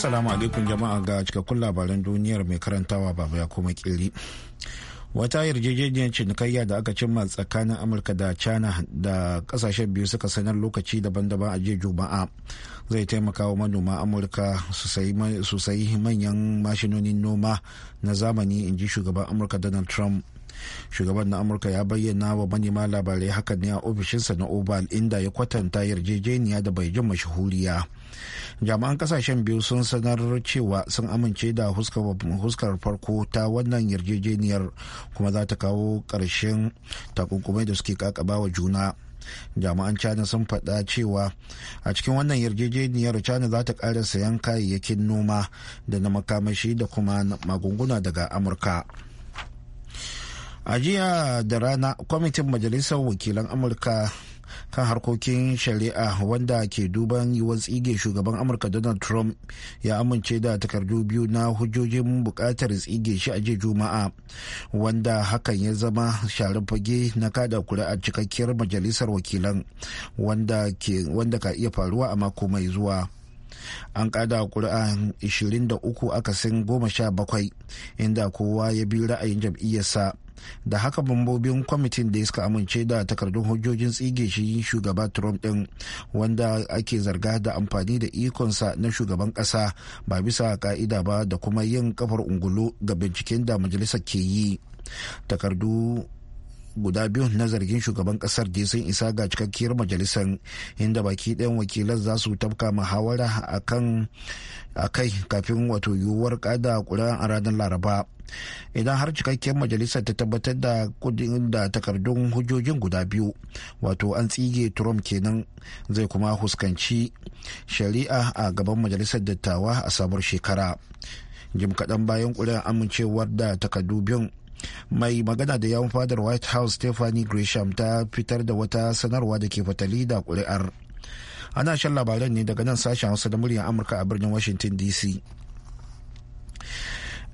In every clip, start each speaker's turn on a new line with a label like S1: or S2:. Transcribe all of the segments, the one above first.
S1: Assalamu alaikum jama'a ga cikakkun labaran duniyar mai karantawa baba ya kuma kiri. Wata yarjejeniyar cinikayya da aka cimma tsakanin Amurka da China da kasashen biyu suka sanar lokaci daban-daban a jiya Juma'a zai taimaka wa manoma Amurka su sayi manyan mashinonin noma na zamani in ji shugaban Amurka Donald Trump. shugaban na amurka ya bayyana wa manema labarai hakan ne a ofishinsa na oval inda ya kwatanta yarjejeniya da bai jin mashahuriya jami'an kasashen biyu sun sanar cewa sun amince da huskar farko ta wannan yarjejeniyar kuma za ta kawo ƙarshen takunkumai da suke kakaba wa juna jami'an china sun faɗa cewa a cikin wannan yarjejeniyar china za ta ƙara sayan kayayyakin noma da na makamashi da kuma magunguna daga amurka. a jiya da rana kwamitin majalisar wakilan amurka kan harkokin shari'a wanda ke duban yiwuwar tsige shugaban amurka donald trump ya amince da takardu biyu na hujjojin bukatar tsige shi a jiya juma'a wanda hakan ya zama sharar fage na kada kuri'a cikakkiyar majalisar wakilan wanda ka iya faruwa a mako mai zuwa an kada kuri'a 23 akasin 17 inda kowa ya bi ra'ayin jam'iyyarsa da haka bambobin kwamitin da suka amince da takardun hujjojin tsige shi shugaba trump din wanda ake zarga da amfani da ikonsa na shugaban kasa ba bisa ka'ida ba da kuma yin kafar ungulu ga binciken da majalisar ke yi takardu guda biyu na zargin shugaban kasar da sun isa ga cikakkiyar majalisar inda baki ɗayan wakilan za su tafka muhawara a kai kafin wato yiwuwar kada ƙuri'an a ranar laraba idan har cikakkiyar majalisar ta tabbatar da kudin da takardun hujjojin guda biyu wato an tsige trump kenan zai kuma huskanci shari'a a gaban majalisar dattawa a sabuwar shekara jim kaɗan bayan ƙuri'an amincewar da takardu biyun mai magana da yawan fadar white house stephanie gresham ta fitar da wata sanarwa da ke fatali da kuri'ar ana shan labaran ne daga nan sashen hausa da muryar amurka a birnin washington dc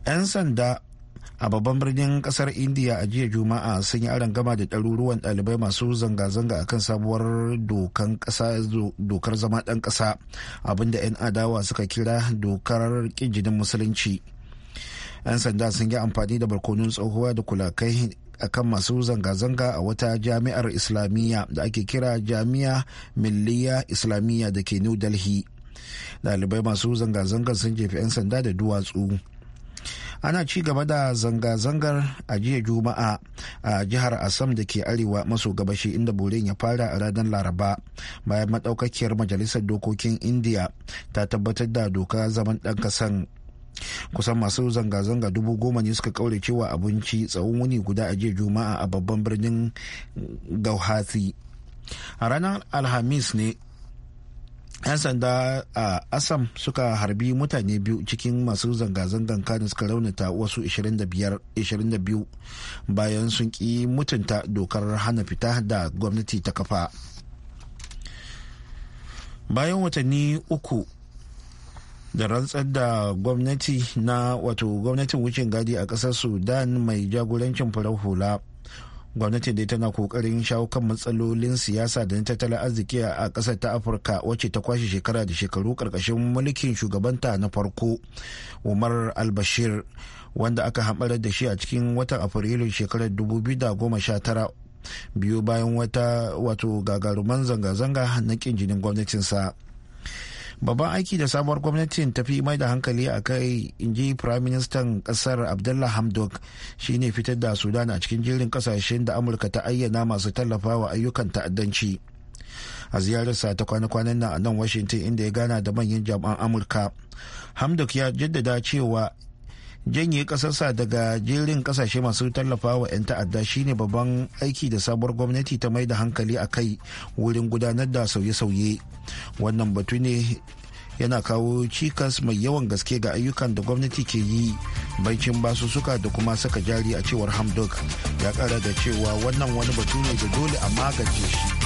S1: 'yan sanda a babban birnin kasar india a jiya juma'a sun yi aron gama da ɗaruruwan ɗalibai masu zanga-zanga akan sabuwar dokar zama ɗan ƙasa abinda 'yan adawa suka kira dokar injinin musulunci 'yan sanda sun yi amfani da barkonun tsohuwa da kulakai kan masu zanga-zanga a wata jami'ar islamiyya da ake kira jami'a milliya islamiyya da ke new delhi dalibai masu zanga zanga sun jefi 'yan sanda da duwatsu ana ci gaba da zanga-zangar a jiya juma'a a jihar assam da ke arewa maso gabashi inda burin ya fara a ranar laraba bayan madaukakiyar majalisar dokokin india ta tabbatar da doka zaman ɗan kasan kusan masu zanga-zanga dubu goma ne suka kaure cewa abinci tsawon wuni guda a jiya juma'a a babban birnin gauhati a ranar alhamis ne 'yan sanda a asam suka harbi mutane biyu cikin masu zanga-zangan kanin suka raunata wasu 22 bayan sun ki mutunta dokar hana fita da gwamnati ta kafa bayan watanni uku da rantsar da gwamnati na wato gwamnatin wucin gadi a ƙasar sudan mai jagorancin farar hula gwamnati dai tana kokarin shawo kan matsalolin siyasa da na tattalin arziki a ƙasar ta afirka wacce ta kwashe shekara da shekaru karkashin mulkin shugabanta na farko umar albashir wanda aka hamarar da shi a cikin watan afrilun shekarar 2019 biyu bayan wata wato gagaruman zanga-zanga na kin jinin gwamnatinsa babban aiki da sabuwar gwamnatin tafi mai da hankali a kai in ji prime ministan kasar abdullah hamdok shine fitar da sudan a cikin jerin kasashen da amurka ta ayyana masu tallafawa ayyukan ta'addanci a ziyararsa ta kwana-kwanan nan a nan washington inda ya gana da manyan jami'an amurka hamdok ya jaddada cewa janye kasarsa daga jerin kasashe masu tallafa wa 'yan ta'adda shine babban aiki da sabuwar gwamnati ta mai da hankali a kai wurin gudanar da sauye-sauye wannan batu ne yana kawo cikas mai yawan gaske ga ayyukan da gwamnati ke yi bankin basussuka da kuma saka jari a cewar hamdok ya kara da cewa wannan wani batu ne da dole a magance shi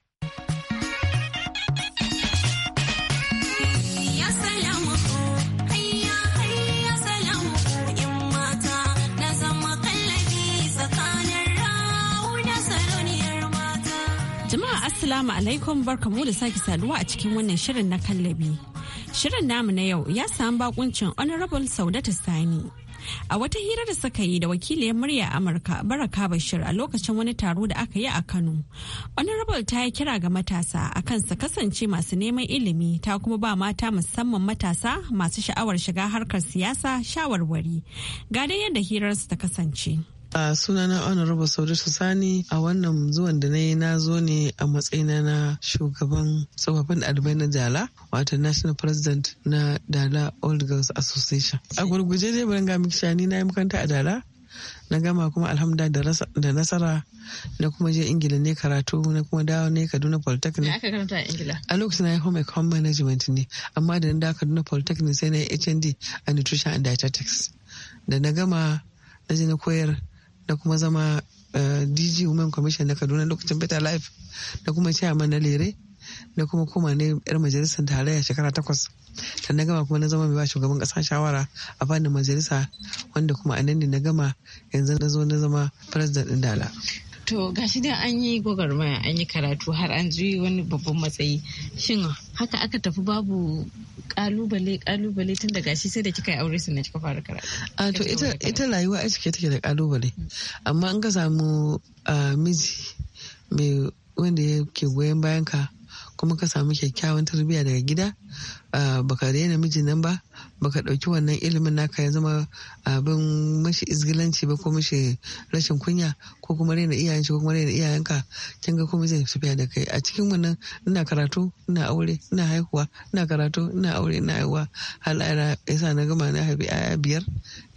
S2: Assalamu alaikum barkamu da sake saduwa a cikin wannan shirin na kallabi. Shirin namu na yau ya samu bakuncin Honorable Saudatu Sani. A wata hira da suka yi da wakiliyar murya Amurka Baraka Bashir a lokacin wani taro da aka yi a Kano. Honorable ta yi kira ga matasa akan su kasance masu neman ilimi ta kuma ba mata musamman matasa masu sha'awar shiga harkar siyasa shawarwari. Ga dai yadda hirarsu ta kasance.
S3: A sunana Honorable Saudatu Sani a wannan zuwan da na yi na zo ne a matsayina na shugaban tsofaffin ɗalibai na Dala wato National President na Dala Old Girls Association. A gurguje dai bari ga miki shani na yi makaranta a Dala na gama kuma alhamda da nasara na kuma je ingila ne karatu na kuma dawo ne kaduna polytechnic a lokacin na yi home management ne amma da na dawo kaduna polytechnic sai na yi hnd a nutrition and dietetics da na gama na je na koyar da kuma zama eh, dg women commission na kaduna lokacin better life da kuma chairman na lere da kuma kuma ne yar majalisar tarayya shekara takwas da na gama kuma na zama mai ba shugaban kasa shawara a fannin majalisa wanda kuma a nan ne na gama yanzu na zo na zama president din dala
S2: To gashi dai an yi gwagwarmaya an yi karatu har an ji wani babban matsayi. Shin haka aka tafi babu kalubale kalubale tun da shi sai da kika yi aure sannan kika fara karatu.
S3: to ita rayuwa a cike take da kalubale. Amma an ka samu miji mai wanda yake goyon bayan ka kuma ka samu kyakkyawan tarbiyya daga gida baka daina mijin nan ba baka ɗauki wannan ilimin naka ya zama abin mashi izgilanci ba ko mashi rashin kunya ko kuma raina iyayen shi ko kuma raina iyayenka kin ga komai zai tafiya da kai a cikin wannan ina karatu ina aure ina haihuwa ina karatu ina aure ina haihuwa har ya sa na gama na haifi 'ya'ya biyar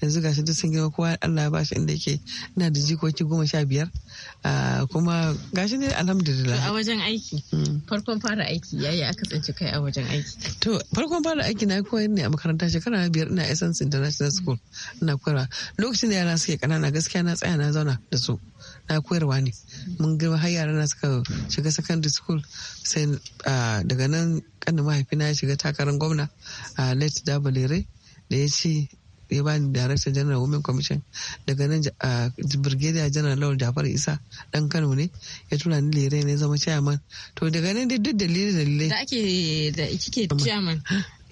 S3: yanzu gashi duk sun girma kowa Allah ya ba shi inda yake ina da jikoki goma sha biyar ah, kuma gashi ne alhamdulillah
S2: a wajen aiki mm. farkon fara aiki yayi aka tsinci kai a wajen aiki
S3: to farkon fara aiki na koyar ne a makaranta shekara biyar ina essence international school ina koyarwa lokacin da yara suke kanana gaskiya na tsaya na zauna da su na koyarwa ne mun girma har yara na suka shiga secondary school sai ah, daga nan kanin mahaifina ya shiga takarar gwamna a ah, late dabalere da ya ce ya ni director general women commission daga nan ah, brigadier general lawal jafar isa dan kano ne ya tura ni lere ne zama chairman to daga nan dai duk dalilai dalilai da
S2: ake da kike chairman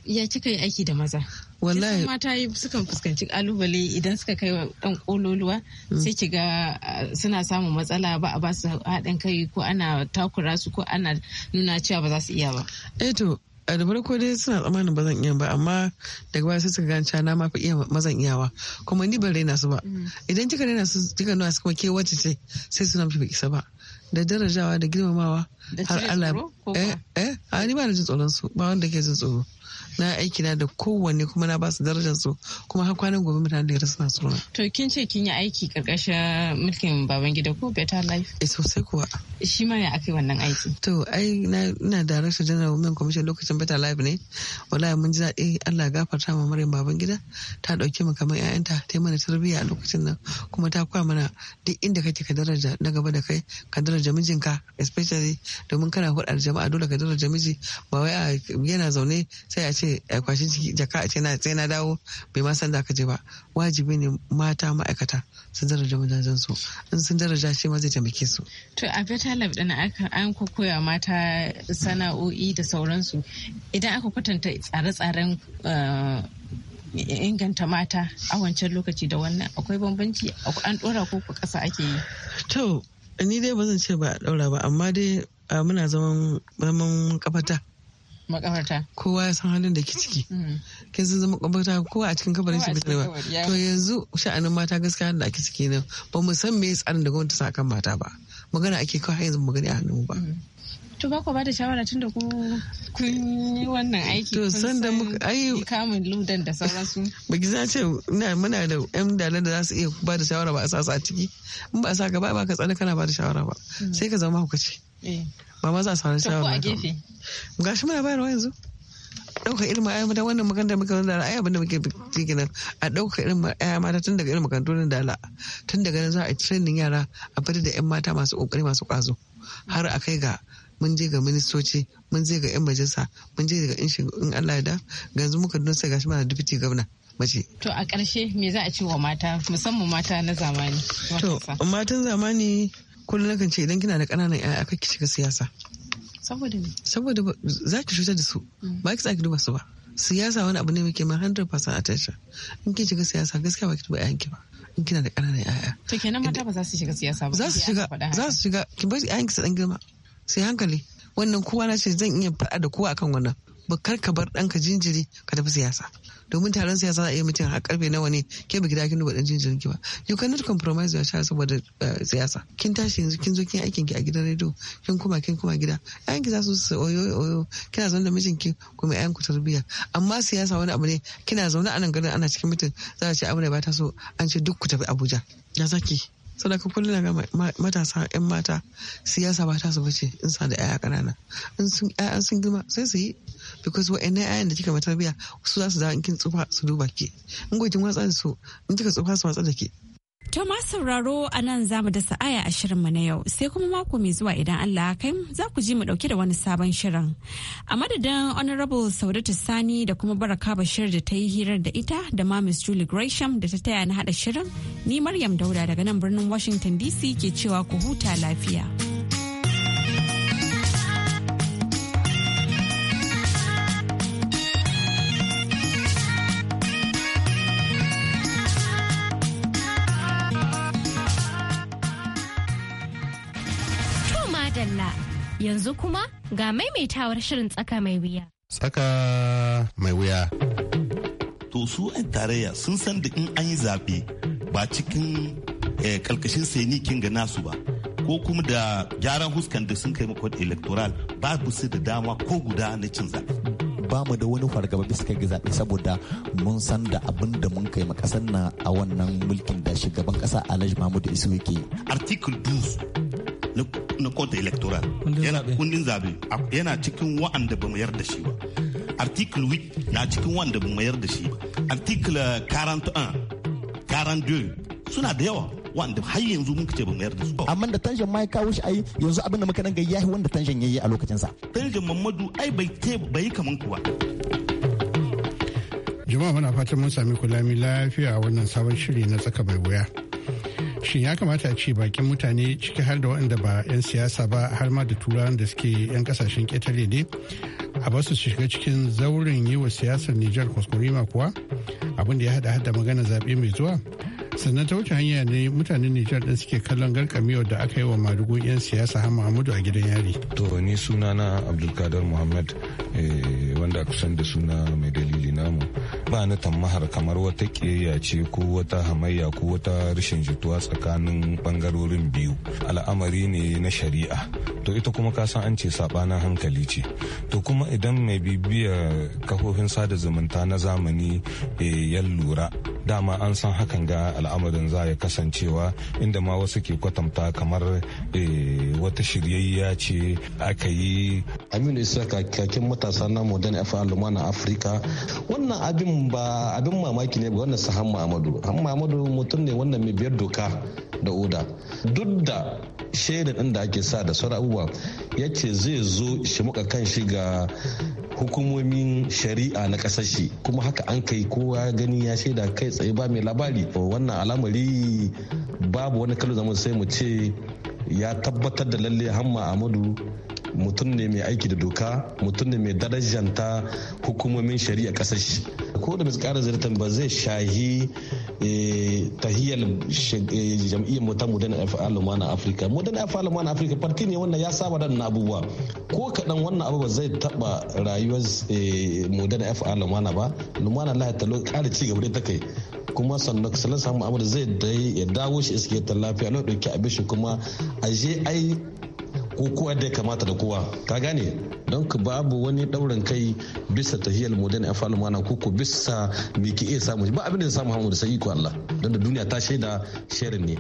S2: ya kika yi aiki da maza wallahi mata sukan fuskanci kalubale idan suka kai dan kololuwa mm. sai ki ga ah, suna samun matsala ba a ba su haɗin kai ko ana takura su ko ana nuna cewa ba za su iya ba
S3: eh to a da farko dai suna tsammanin ba zan iya ba amma daga baya sai suka gan cewa na ma fi iya mazan iyawa kuma ni ban raina su ba mm. idan kika raina su kika nuna su kuma ke wacce ce sai suna na fi isa ba da darajawa da girmamawa har Allah eh ani eh, ba na jin tsoron su ba wanda ke jin tsoro na aiki na da kowanne kuma na basu darajar su kuma har kwanan gobe mutane da suna suna to kin ce kin
S2: yi aiki karkashin mulkin baban gida ko better life eh sosai kuwa shi ma ya aka
S3: wannan aiki to ai na ina da rashin general women commission lokacin better life ne wallahi mun ji daɗi Allah gafarta ma maryam baban gida ta dauke mu kamar ƴaƴanta ta mana tarbiyya a lokacin nan kuma ta koya mana duk inda kake ka daraja na gaba da kai ka daraja mijinka especially domin kana hulɗar jama'a dole ka daraja miji ba wai yana zaune sai a ce a kwashi jaka a ce na sai na dawo bai ma san da aka je ba wajibi ne mata ma'aikata sun daraja mazajen su in sun daraja shi ma zai taimake su.
S2: to a fita lab din an koya mata sana'o'i da sauransu idan aka kwatanta tsare-tsaren eh, inganta mata a wancan lokaci da wannan akwai bambanci
S3: an dora ko ƙasa ake yi. to ni dai ba zan ce ba a daura ba amma dai muna zaman zaman kafata Makafata. kowa ya san halin da ke ciki mm. kin sun zama kafata kowa a cikin kafarin shi bai ba to yanzu sha'anin mata gaskiya da ake ciki nan ba mu san me tsarin da gwamnati sa kan mata ba magana ake kawai yanzu magana a hannun ba mm.
S2: to ba ku ba da shawara tun da ku kun yi wannan aiki to san da muka
S3: ai kamun ludan da sauransu ba ki ce ina muna da yan dala da za su iya ba da shawara ba a su a ciki in ba a sa ka ba ka tsare kana ba da shawara ba mm. sai ka zama ce. ba eh. ma za a samu shawara ba shi muna bayarwa yanzu ɗaukar irin ma'aya mata wannan makarantar muka wanda ra'ayi abinda muke ciki nan a ɗaukar irin ma'aya mata tun daga irin makarantar da ala tun daga nan za a training yara a fita da 'yan mata masu ƙoƙari masu ƙwazo har a kai ga mun je ga ministoci mun je ga 'yan majalisa mun je ga in Allah ya da yanzu muka don sai gashi mana dubiti gwamna mace.
S2: To a ƙarshe me za a ce wa mata musamman mata
S3: na zamani? To matan zamani kullum nakan ce idan kina da ƙananan kai ki shiga siyasa saboda ne saboda za ki cutar da su mm. ba ki tsaki duba su ba siyasa wani abu ne mai kima 100% attention in kin shiga siyasa gaskiya ba ki duba ki ba in kina da ƙananan ƴaƴa. to kenan mata ba za su shiga siyasa ba za su shiga za su shiga ki bar 'ya'yanki su dan girma sai hankali wannan kowa na ce zan iya faɗa da kowa akan wannan ba kar ka bar ɗanka jinjiri ka tafi siyasa domin taron siyasa za a yi mutum har karfe nawa ne ke bi gida kin duba dan jinjirin ki ba you cannot compromise your child saboda eh, siyasa kin tashi yanzu kin zo kin aikin ki a gidan rediyo kin kuma kin kuma gida ƴaƴan ki za su su oyo oyo kina zaune da mijin ki kuma yayan ku amma siyasa wani abu ne kina zaune a nan garin ana cikin mutum za a ce abu ne ba ta so an ce duk ku tafi Abuja ya zaki sadaka kullum ga matasa yan mata siyasa ba ta su bace in sa da yaya kanana in sun yayan sun girma sai su yi because wa'annan ayan da kika tarbiya su za su da kin tsufa su duba ke in gwajin watsa su in kika tsufa su watsa da ke
S2: To ma sauraro a nan za mu dasa aya a shirin mu na yau sai kuma mako mai zuwa idan Allah kai za ku ji mu ɗauke da wani sabon shirin. A madadin Honorable Saudatu Sani da kuma Baraka Bashir da ta yi hirar da ita da ma Miss Julie Gresham da ta taya na haɗa shirin, ni Maryam Dauda daga nan birnin Washington DC ke cewa ku huta lafiya.
S4: Yanzu kuma ga maimaitawar shirin tsaka mai wuya.
S5: Tsaka mai
S6: wuya. To su 'yan tarayya sun san da in an yi zaɓe ba cikin kalkashin eh, sainikin ga nasu ba. ko kuma da gyaran huskan da sun kai makon electoral
S7: babu su da dama ko guda na cin zaɓe. ba mu da wani fargaba bisa kai zaɓe saboda mun san da abin da mun kai ma makasar na a wannan mulkin da shugaban ƙasa alhaji Mahmud isu yake
S6: article 2 na kota electoral yana kundin zabe yana cikin wa'anda ba mu yarda shi ba article 8 na cikin wa'anda ba mu yarda shi ba article 41 uh, 42 suna da yawa wanda har yanzu muka ce ba mayar da
S7: su. Amma da tanjan ma ya kawo shi ai yanzu abin da muka danga yahi wanda tanjan ya yi a sa. Tanjan Mamadu ai bai te bai kaman kuwa.
S5: Jama'a muna fatan mun sami kulami lafiya wannan sabon shiri na tsaka mai wuya. shin ya kamata a ce bakin mutane ciki har da waɗanda ba 'yan siyasa ba har ma da turawan da suke 'yan kasashen ƙetare ne a ba su shiga cikin zaurin yi wa siyasar nijar kwaskwarima kuwa abin da ya haɗa hada magana zaɓe mai zuwa sannan ta wuce hanya ne mutanen nijar ɗin suke kallon garkamiyar da aka yi wa madugun 'yan siyasa har muhammadu a gidan yari
S8: to ni sunana abdulkadar muhammad
S5: eh, wanda kusan da suna mai
S8: dalili namu planetan mahar tamahar kamar wata ƙiyayya ce ko wata hamayya ko wata rashin jituwa tsakanin bangarorin biyu al'amari ne na shari'a to ita kuma ka san an ce sabanin hankali ce to kuma idan mai bibiya kafofin sada zumunta na zamani eh, ya lura dama an san hakan ga al'amarin za ya kasancewa inda ma wasu ke kwatanta kamar eh, wata shiryayya ce aka yi aminu isa kakakin matasa na modern fr lumana afirka wannan abin ba abin mamaki ne ba wannan su han Amadu Han Amadu mutum ne wannan mai biyar doka da oda. Duk da shaida ɗin da ake sa da sauran abubuwa ya ce zai zo shi muka kan shi ga hukumomin shari'a na ƙasar kuma haka an kai kowa gani ya shaida kai tsaye ba mai labari wannan al'amari babu wani kalu zaman sai mu ce ya tabbatar da lalle hamma amadu mutum ne mai aiki da doka mutum ne mai darajanta hukumomin shari'a ƙasar ko da kara ziyartar ba zai shahi eh, tahiyar eh, jam'iyyar mu ta modern afal na afirka modern afal na afirka parti ne wannan ya saba da abubuwa ko kaɗan wannan abu ba zai taba rayuwar eh, modern afal lumana ba lumana lahi talo kara ci gaba da ta kai kuma sannan samu abu da zai ya dawo shi iske ta lafiya lau ɗauki abin shi kuma a je ai ko kowa da ya kamata da kowa ka gane don ku babu wani ɗaurin kai bisa tahiyar modern ya falu mana ko ku bisa me ke iya samu ba abin da ya samu hamu da sai iko Allah don da duniya ta shaida
S5: sharing ne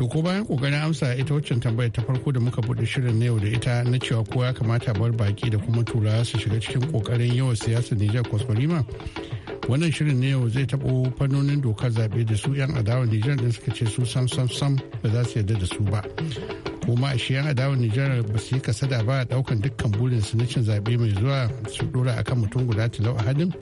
S5: To ko bayan kokarin amsa ita waccan tambayar ta farko da muka buɗe shirin na yau da ita na cewa kowa ya kamata bar baki da kuma turawa su shiga cikin kokarin yawan siyasar Nijar Kwaskwarima. wannan shirin ne yau zai taɓo fannonin dokar zaɓe da su 'yan adawar nijar ɗin suka ce su sam sam sam ba za su yarda da su ba kuma a shi 'yan adawar nijar ba su yi kasada ba a ɗaukan dukkan su na cin zaɓe mai zuwa su ɗora akan mutum guda talau a hadin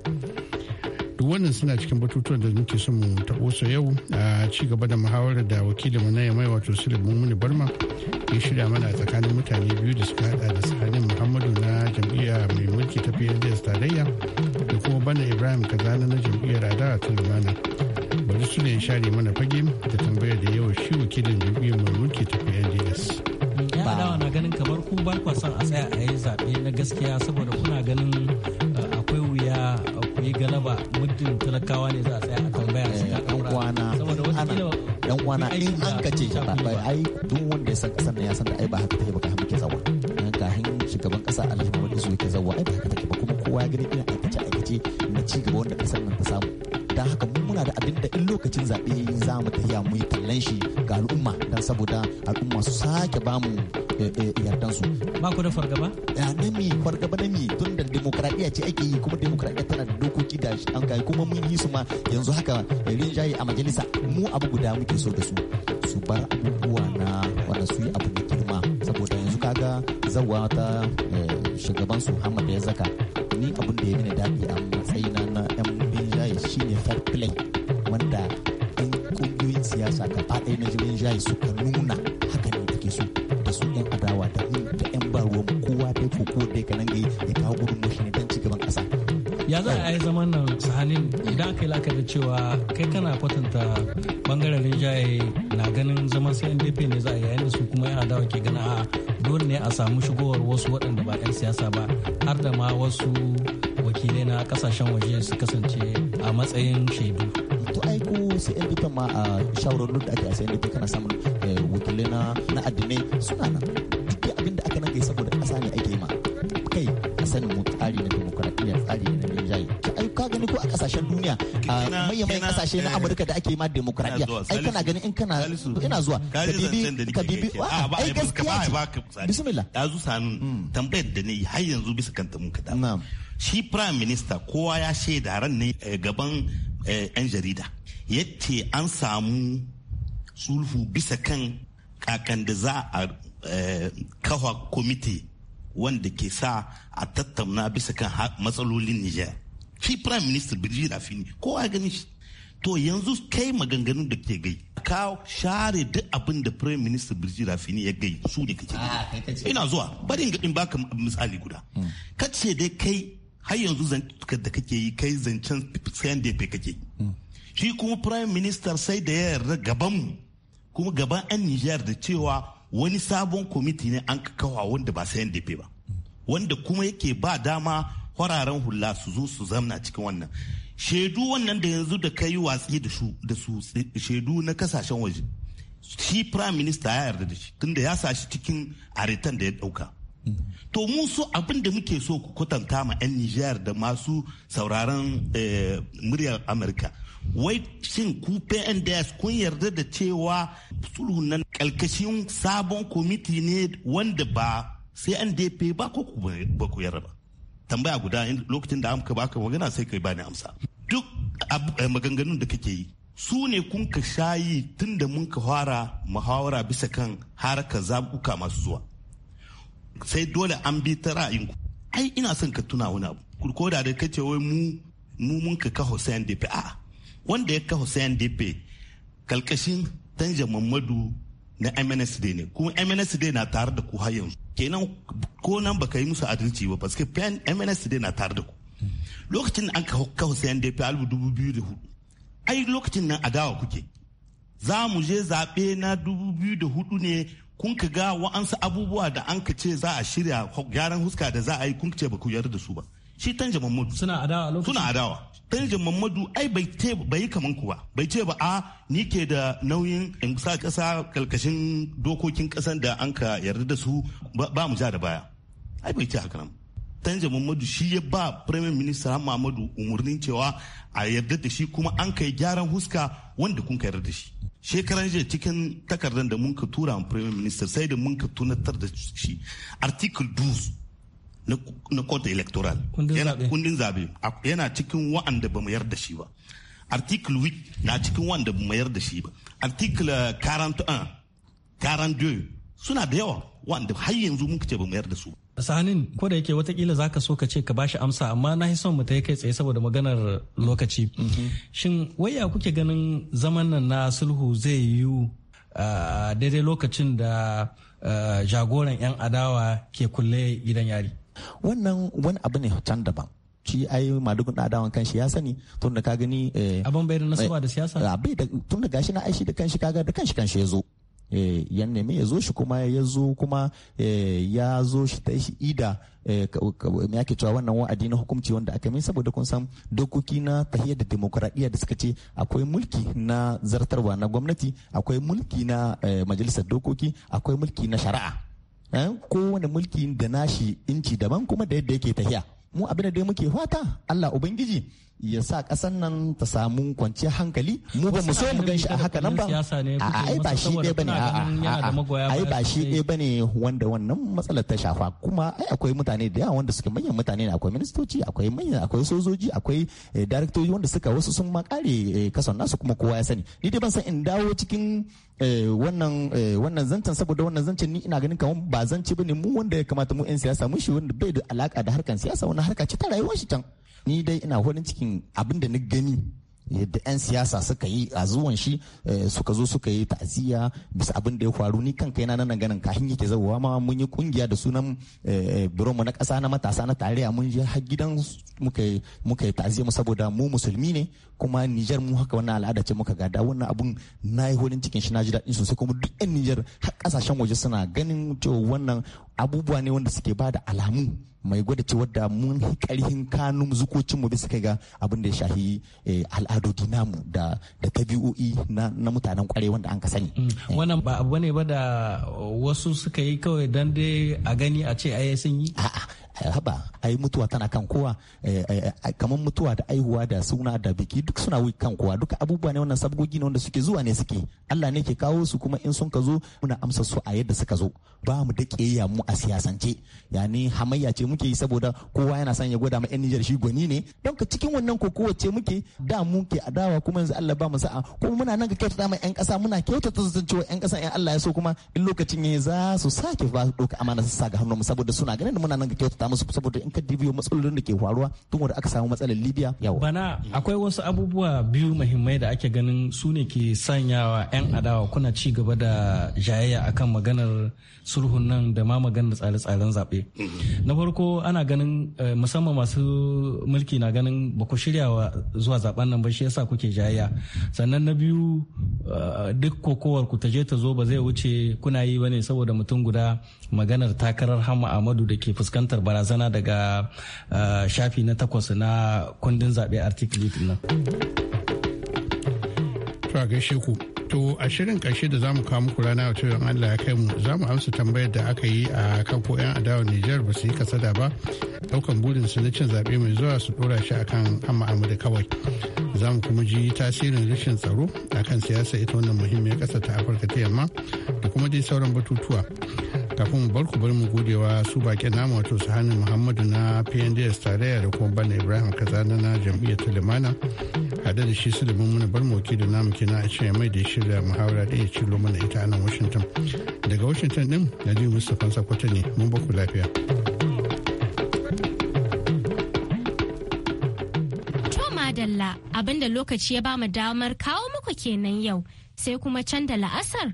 S5: duk wannan suna cikin batutuwan da muke son mu taɓo su yau a ci gaba da muhawarar da wakilinmu na yamai wato sulaiman mummuni barma ya shirya mana a tsakanin mutane biyu da suka haɗa da ya share mana fage da tambayar da yawa shi wakilin jam'iyyar mai mulki ta PNDS.
S9: Ya dawa na ganin kamar ku ba kwa son a tsaya a yi zaɓe na gaskiya saboda kuna ganin eh, akwai wuya ku yi galaba muddin talakawa ne za a tsaya a tambaya su
S7: ga ɗan'uwana. Saboda wasu Dan ɗan'uwana in an ka ce ai duk wanda ya san ƙasar na ya san da ai ba haka ta yi ba ka muke zawa. Kahin shugaban kasa Allah lokacin zaɓe za mu tafiya mu yi tallan shi ga al'umma don saboda al'umma su sake bamu eh, eh, yardan su. Ba ku da fargaba? ya Na mi fargaba na mi tun da demokradiyya ce ake yi kuma demokradiyya tana da dokoki da an kai kuma mun yi su ma yanzu haka rinjaye a majalisa mu abu guda muke so da su su bar abubuwa na wanda su yi abu da girma saboda yanzu kaga zawa ta eh, shugaban su Hamad ya zaka ni abun da ya da daɗi a matsayina na 'yan rinjaye shine fair play wanda siyasa gaba ɗaya na jirin jayi suka nuna haka ne take so da su yan adawa da mu da yan mu kowa bai koko da ka kanan gai ya kawo gudun mashi ne don ci gaban ƙasa. ya za a
S9: yi zaman nan sahanin idan aka yi la'akari cewa kai kana kwatanta bangaren rinjaye na ganin zaman sai ndp ne za a yayin da su kuma yan adawa ke gana a dole ne a samu shigowar wasu waɗanda ba 'yan siyasa ba har da ma wasu
S7: wakilai na kasashen
S9: waje su kasance a matsayin shaidu
S7: har sai yan ma a shawarar da ake a sayan duka kana samun eh, wakilai na addinai suna nan duk abin da aka nan saboda ƙasa ne ake yi ma kai a sanin mu tsari na demokaradiyya tsari na rinjaye ka gani ko a kasashen duniya a mayyamayin kasashe na eh. amurka da ake ma demokradiyya ai kana gani in kana ina zuwa ka bibi ah, ai gaskiya
S6: ce bismillah ya zu sanun hmm. tambayar da ne har yanzu bisa kan ta ka da shi prime minister kowa ya shaida ran ne eh, gaban yan jarida yace an samu sulhu bisa kan kakan da za a eh, kafa komite wanda ke sa a tattauna bisa kan matsalolin Nijar. Shi Prime Minister Birji Rafini kowa gani shi. To yanzu kai maganganun da ke gai. Ka share duk abin da Prime Minister Birji Rafini ya gai su ne kake
S7: ah, Ina zuwa
S6: bari in gaɗin baka misali guda. Hmm. Ka dai kai har yanzu zantukar da kake yi kai zancen sayan da kake. Hmm. shi kuma prime minister sai da ya yarda mu. kuma gaban 'yan nijar da cewa wani sabon kwamiti ne an kawa wanda ba sai dafe ba wanda kuma yake ba dama kwararen hula su zo su zamna cikin wannan shaidu wannan da yanzu da kai watsi da su shaidu na kasashen waje shi prime minister ya yarda da shi tunda ya sa shi cikin aritan da ya dauka to mu so abin da muke so ku kwatanta ma 'yan nijar da masu sauraron eh, muryar amurka wai shin ku PNDS kun yarda da cewa sulhu nan kalkashin sabon kwamiti ne wanda ba sai an ba ko ba ku yarda ba tambaya guda lokacin da amka baka magana sai kai bani amsa duk eh, maganganun da kake yi su ne kun ka shayi tun da mun ka fara muhawara bisa kan harkar zabuka masu zuwa sai dole an bi ta ku ai ina son ka tuna wani abu ko da da kace wai mu mu mun ka kaho sai an a'a wanda ya kafa CNDP kalkashin tanja mamadu na MNSD ne kuma MNSD na tare da ku har yanzu kenan ko nan ba ka yi musu adalci ba parce MNS MNSD na tare da ku lokacin an kafa CNDP albu dubu biyu da hudu ai lokacin nan adawa kuke za mu je zaɓe na dubu biyu da hudu ne kun ka ga wa'ansu abubuwa da an ka ce za a shirya gyaran huska da za a yi kun ce ba ku yarda da su ba shi tanja mamadu suna adawa lokacin suna adawa Tanjin Mamadu ai bai ce bai kaman ku ba bai ce ba a ah, ni ke da nauyin in sa kasa kalkashin dokokin kasan da an ka yarda da su ba mu ja da baya ai bai ce haka nan Tanja Mamadu shi ya ba Premier Minister Mamadu umarnin cewa a yarda da shi kuma an kai gyaran huska wanda kun ka yarda da shi shekaran jiya cikin takardar da mun ka tura wa Premier Minister sai da mun ka tunatar da shi article 12 na kota electoral yana kundin zabe yana cikin wa'anda ba mu yarda shi ba article 8 na cikin wa'anda ba mu yarda shi ba article 41 eh, 42 suna da yawa wa'anda har yanzu muka ce ba mu yarda su
S9: sanin ko da yake watakila za ka so ka ce ka bashi amsa amma na son mu ta kai tsaye saboda maganar lokaci shin waya kuke ganin zaman nan na sulhu zai yiwu eh, daidai lokacin da
S7: eh, jagoran 'yan adawa ke kulle gidan yari wannan wani abu ne can daban shi ai madugun adawan kanshi ya sani tun da ka gani eh, abin bai da nasaba da siyasa eh, tun da gashi na aishi da kanshi kaga da kanshi kanshi ya zo eh, ya nemi ya zo shi kuma ya zo kuma ya zo shi ta shi ida me ake cewa wannan wa'adi na hukumci wanda aka min saboda kun san dokoki na tahiyar da demokuraɗiyya da suka ce akwai mulki na zartarwa na gwamnati akwai mulki na majalisar dokoki akwai mulki na shari'a Eh, kowane mulki da nashi inci daban kuma da yadda yake tafiya mu abin da muke fata Allah ubangiji ya sa ƙasar nan ta samu kwanciyar hankali mu ba mu so mu ganshi a haka nan ba a ai ba shi dai bane a ai ba shi dai bane wanda wannan matsalar ta shafa kuma ai akwai mutane da yawa wanda suke manyan mutane ne akwai ministoci akwai manyan akwai sojoji akwai eh, daraktoji wanda suka wasu sun makare eh, kasan nasu kuma kowa ya sani ni dai ban san in dawo cikin Eh, wannan eh, wannan zancen saboda wannan zancen ni ina ganin kamar ba zance bane mu wanda ya kamata mu 'yan siyasa mun shi wanda bai da alaka da harkan siyasa wannan harka ce ta rayuwar shi can ni dai ina farin cikin abin da na gani yadda 'yan siyasa suka yi a zuwan shi eh, suka zo suka yi ta'aziyya bisa abin da ya faru ni kanka yana nan ganin kahin yake zawowa ma mun yi kungiya da sunan eh, mu na ƙasa na matasa na tarayya mun je har gidan muka yi ta'aziyya mu saboda mu musulmi ne kuma Nijar mu haka wannan al'ada ce muka gada wannan abun na yi holin cikin shi na ji daɗin sosai kuma duk 'yan Nijar har ƙasashen waje suna ganin cewa wannan abubuwa ne wanda suke ba da alamu mai gwada ce wadda mun karhin kanun zukocin mu bisa kai ga abin da ya shahi eh, al'adodi namu da da tabi'o'i na mutanen kwarai wanda an ka sani mm.
S9: eh. wannan ba abu ne ba da wasu suka
S7: yi kawai dan dai a gani a ce ai yi a'a Eh, haba ai mutuwa tana kan kowa eh, eh, kamar mutuwa da aihuwa da suna da biki duk suna wuyi kan kowa duka abubuwa ne wannan sabgogi ne wanda suke zuwa ne suke Allah ne ke kawo su kuma in sun ka zo muna amsa su a yadda suka zo ba mu da kiyayya mu a siyasance yani hamayya ce muke yi saboda kowa yana son ya gwada ma yan Nijar shi gwani ne don ka cikin wannan kokowa ce muke da mu ke adawa kuma yanzu Allah ba mu sa'a kuma muna nan ga kyautata ma yan kasa muna kyautata zance wa yan kasa yan Allah ya so kuma in lokacin ya za su sake ba doka amana su sa ga mu saboda suna ganin muna nan ga kyautata musu saboda in ka dibiyo matsalolin da ke faruwa tun wanda aka samu matsalar libya yawa
S9: bana akwai wasu abubuwa biyu muhimmai da ake ganin su ne ke sanyawa yan adawa kuna ci gaba da jayayya akan maganar sulhun nan da ma maganar tsare-tsaren zaɓe na farko ana ganin eh, musamman masu mulki na ganin ba ku shiryawa zuwa zaben nan ba shi yasa kuke jayayya sannan na biyu eh, duk kokowar ku ta je ta zo ba zai wuce kuna yi ne saboda mutum guda maganar takarar hama amadu da ke fuskantar barazana daga eh, shafi
S5: na takwas na kundin zaɓe articulate nan. to a gaishe ku to a shirin ƙarshe da za mu kawo muku rana wato yan allah ya kai mu za mu amsa tambayar da aka yi a kan ko yan adawar nijar ba su yi kasada ba daukan burin su na cin zaɓe mai zuwa su ɗora shi akan hama amadu kawai za mu kuma ji tasirin rashin tsaro akan siyasa ita wannan muhimmiyar ƙasa ta afirka ta yamma da kuma dai sauran batutuwa kafin bar ku bar mu godewa su bakin namu wato su hannun muhammadu na pnds tarayya da kuma bana ibrahim kazana na jam'iyyar talimana hada da shi su da muna bar mu da namu kina a cikin mai da shirya muhawara da ya cilo mana ita a nan washington daga washington din ji mustapha sakwata ne mun baku lafiya
S4: madalla abinda lokaci ya bamu damar kawo muku kenan yau sai kuma can da la'asar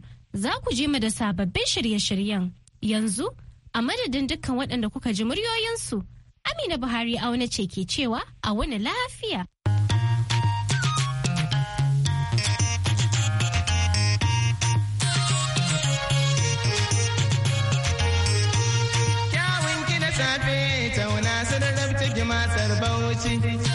S4: za ku je mu da sababbin shirye-shiryen Yanzu, a madadin dukkan waɗanda kuka ji muryoyinsu, Amina Buhari auna ce ke cewa a wani lafiya.
S7: Kyawun you.
S3: safe, tauna sun